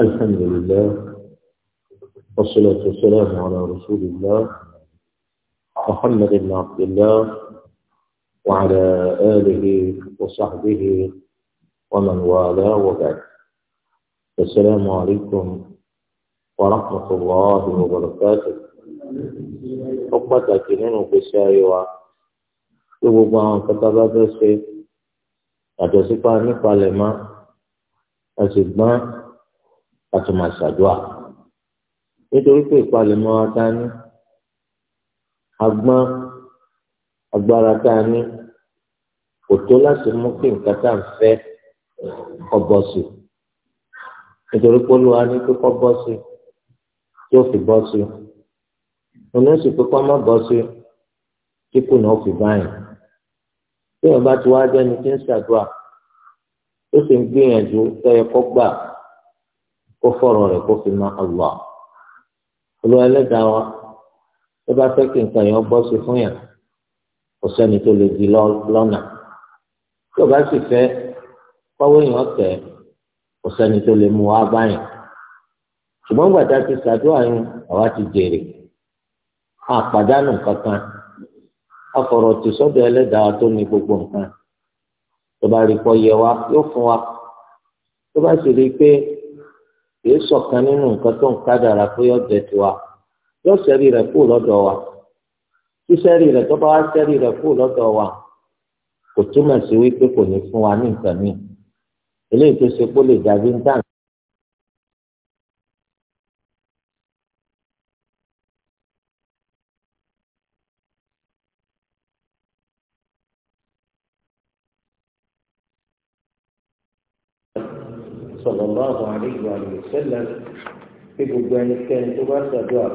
الحمد لله والصلاة والسلام على رسول الله محمد بن عبد الله وعلى آله وصحبه ومن والاه وبعد السلام عليكم ورحمة الله وبركاته حبة كنين في ayé wa tó بسي àwọn kẹta bá fẹ́ ká tó máa ṣàdúrà nítorí pé ìpalẹ̀mọ́ ta ní agbọ́n agbára tá a ní kò tó láti mú kí nǹkan tá à ń fẹ́ kọ́ bọ́ sí nítorí pé olúwa ní pé kọ́ bọ́ sí tí ó fi bọ́ sí òun ó sì pé má bọ́ sí tí kò náà fi báyìí tí ìyẹn bá ti wá jẹ́ni tí ń ṣàdúrà ó sì ń gbìyànjú tẹ́yẹ kọ́ gbà kó fọ̀rọ̀ rẹ̀ kó fi mọ Allah olú ẹlẹ́dàá wa tó bá fẹ́ kí nǹkan yẹn bọ́ sí fún yàn kò sẹ́ni tó lè di lọ́nà tó bá sì fẹ́ kọ́wé yàn tẹ̀ kò sẹ́ni tó lè mú wá báyìí ṣùgbọ́n gbàdá ti ṣàdúrà yín àwa ti jèrè àpàdánù kankan afọ̀rọ̀ tì sọ́dọ̀ ẹlẹ́dàá tó ní gbogbo nǹkan tó bá rí pọ́ yẹ wa yóò fún wa tó bá sì rí i pé kìí sọ̀kan nínú nǹkan tó ń kádàrà pé ọ̀jẹ̀ tiwa yóò sẹ́rí rẹ̀ kú lọ́dọ̀ wa sísẹ́rí rẹ̀ tó bá wá sẹ́rí rẹ̀ kú lọ́dọ̀ wa kò túmọ̀ sí wípé kò ní fún wa ní nǹkan míì eléyìí tó ṣe kó lè dàbí ń tàn sallallahu alaihi wa sallam pé gbogbo ẹnikẹ́ni tó bá ṣàdúrà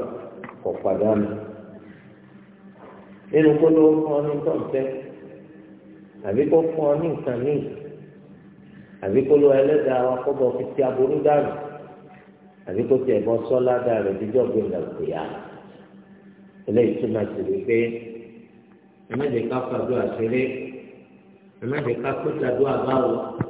kò pàdánù nínú kó ló fún ọ ní tọ̀tẹ́ àbí kó fún ọ ní nǹkan míì àbí kó ló ẹlẹ́dàá wa kó bọ̀ fi ti aburú dànù àbí kó tiẹ̀ bọ́ sọ́lá dàrú ìdíjọ́ gbé ìdàgbé yá eléyìí tó máa ti rí pé ẹ̀mẹ́dẹ̀ká fàdúrà ṣeré ẹ̀mẹ́dẹ̀ká kó ṣàdúrà báwo.